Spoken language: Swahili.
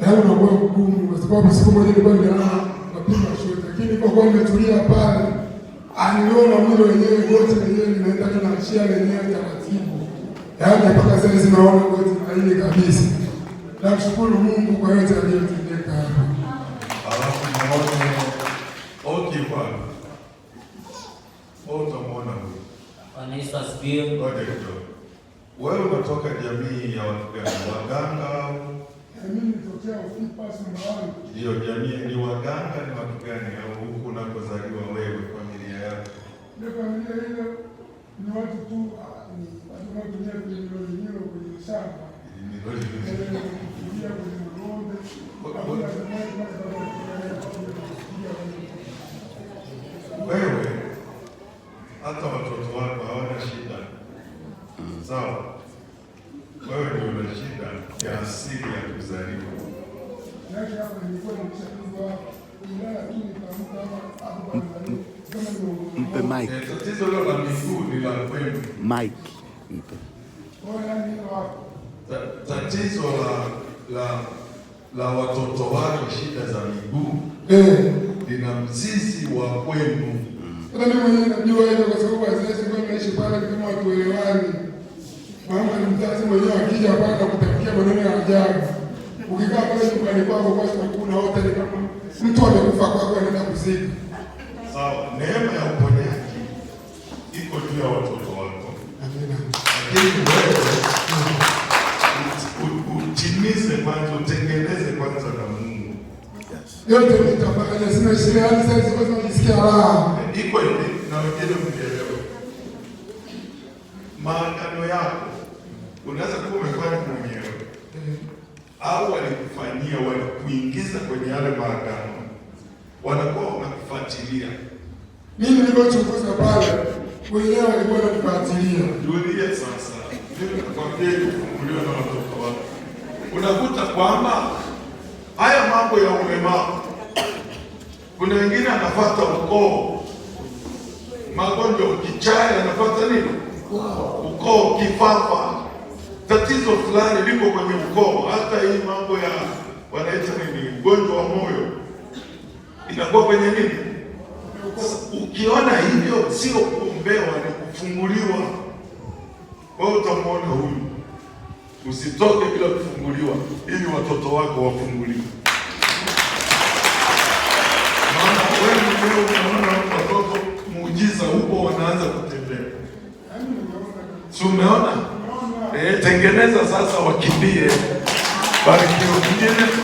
tayari na moyo mgumu, kwa sababu siku moja nilikuwa nimelala napima shoti, lakini kwa kuwa nimetulia pale, aliona mwili wenyewe goti lenyewe wenyewe na mshia lenyewe taratibu, yaani mpaka sasa zinaona goti na ile kabisa. Namshukuru Mungu kwa yote aliyotendeka hapo. Alafu muone Oti kwa Oti mwana huyu Bwana Yesu asifiwe. Wewe unatoka jamii ya watu waganga Ndiyo, jamii ni waganga, ni watu gani au huku unakozaliwa wewe, familia yako? Ndio, familia hiyo ni watu tu ah, wanaotumia kwenye milolingilo, kwenye shamba, eh, kwenye Wewe hata watoto wako hawana shida, sawa? Mpe eh, Tatizo hilo la miguu ni la mpe. Tatizo la la watoto wako shida za miguu eh. lina mzizi wa kwenu. Hata mimi mwenyewe najua hilo kwa sababu pale kama watu Mama ni mzazi mwenyewe akija hapa na kutamkia maneno ya ajabu ukikaa pale nyumbani kwako kwanza kuna wote ni kama mtu amekufa kwa nina kuzika. Sawa, neema ya uponyaji iko juu ya watoto wako. Amina. Lakini wewe utimize kwanza, utengeneze kwanza na Mungu. Yote nitafanya, sina shida, hadi sasa siwezi kujisikia raha. Iko hivi na wengine mkielewa. Maagano yako unaweza kuwa umefanya mwenyewe au walikufanyia, walikuingiza kwenye yale maagano, wanakuwa wanakufuatilia. Mimi nilipochunguza pale, wenyewe walikuwa wanakufuatilia. Julia, sasa mimi nakwambia kufunguliwa na watoto wako, unakuta kwamba haya mambo ya ulemavu, kuna wengine anafata ukoo, magonjwa ukichaa anapata nini, ukoo, kifafa, tatizo fulani liko kwenye ukoo hii mambo ya wanaita nini, ugonjwa wa moyo inakuwa kwenye nini. Ukiona hivyo sio kuombewa, ni kufunguliwa. Wewe utamwona huyu, usitoke bila kufunguliwa, ili watoto wako wafunguliwe. Maana wewe unaona watoto muujiza huko, wanaanza kutembea, si umeona? Eh, tengeneza sasa, wakimbie. But if you didn't